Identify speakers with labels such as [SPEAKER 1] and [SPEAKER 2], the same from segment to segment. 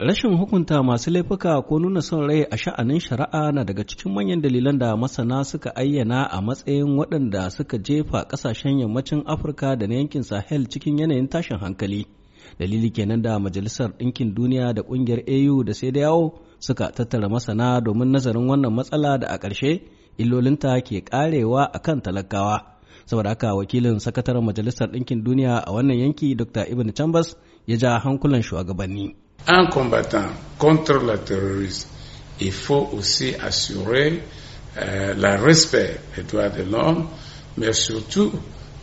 [SPEAKER 1] Rashin hukunta masu laifuka ko nuna son rai a sha'anin shari'a na daga cikin manyan dalilan da masana suka ayyana a matsayin waɗanda suka jefa ƙasashen yammacin Afirka da na yankin Sahel cikin yanayin tashin hankali. Dalili kenan da Majalisar Ɗinkin Duniya da Ƙungiyar AU da sai da yawo suka tattara masana domin nazarin wannan matsala da a ƙarshe illolinta ke ƙarewa a kan talakawa. saboda haka wakilin sakataren majalisar ɗinkin duniya a wannan yanki dr ibn chambers ya ja hankulan shugabanni En
[SPEAKER 2] combattant contre le terrorisme, il faut aussi assurer euh, le respect des droits de l'homme, mais surtout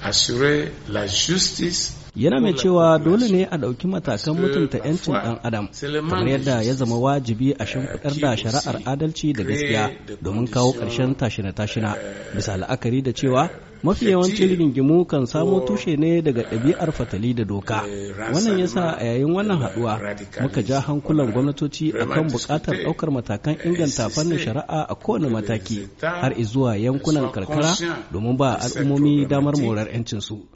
[SPEAKER 2] assurer la
[SPEAKER 1] justice yana mai cewa dole ne a ɗauki matakan mutunta 'yancin ɗan adam kamar yadda ya zama wajibi a euh, shimfiɗar da shari'ar adalci da gaskiya domin kawo ƙarshen tashina-tashina euh, bisa la'akari da cewa euh, mafi yawancin rigingimu kan samo oh. tushe ne daga ɗabi'ar fatali da doka eh, wannan yasa a yayin wannan haɗuwa muka ja hankulan gwamnatoci akan buƙatar ɗaukar matakan inganta eh, fannin shari'a a kowane mataki har zuwa yankunan karkara domin ba al'ummomi damar morar 'yancinsu. su.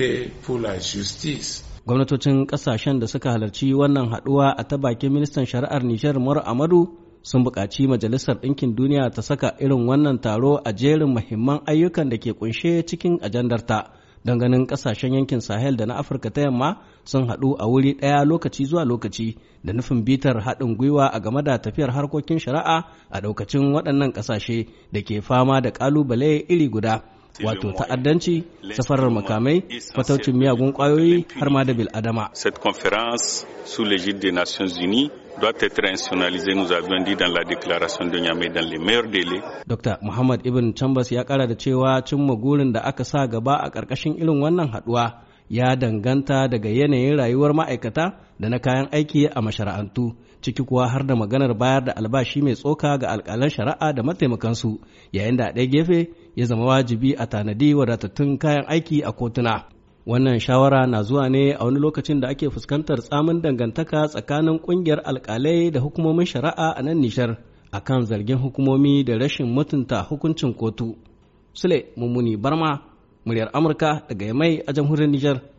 [SPEAKER 2] Eh,
[SPEAKER 1] gwamnatocin kasashen da suka halarci wannan haɗuwa a ta bakin ministan shari'ar nijar mura amadu sun buƙaci Majalisar Ɗinkin Duniya ta saka irin wannan taro a jerin mahimman ayyukan da ke ƙunshe cikin ajandarta don ganin ƙasashen yankin Sahel da na Afirka ta yamma sun haɗu a wuri ɗaya lokaci zuwa lokaci da nufin bitar haɗin gwiwa a game da tafiyar harkokin shari'a a ɗaukacin waɗannan ƙasashe da ke fama da ƙalubale iri guda. wato ta'addanci safarar makamai fataucin miyagun kwayoyi har ma da bil'adama.
[SPEAKER 2] Cette conférence sous l'égide doit être institutionnalisé, nous avons dit dans la déclaration de Niamey dans les meilleurs délais.
[SPEAKER 1] Dr. Muhammad Ibn Chambas ya kara da cewa cimma gurin da aka sa gaba a ƙarƙashin irin wannan haɗuwa ya danganta daga yanayin rayuwar ma'aikata da na kayan aiki a mashara'antu ciki kuwa har da maganar bayar da albashi mai tsoka ga alƙalan shari'a da mataimakansu yayin da a ɗaya gefe ya zama wajibi a tanadi wadatattun kayan aiki a kotuna. Wannan shawara na zuwa ne a wani lokacin da ake fuskantar tsamin dangantaka tsakanin ƙungiyar alkalai da hukumomin shari'a a nan Nishar kan zargin hukumomi da rashin mutunta hukuncin kotu. Sule Mummuni Barma, muryar Amurka daga mai a jamhuriyar Nijar.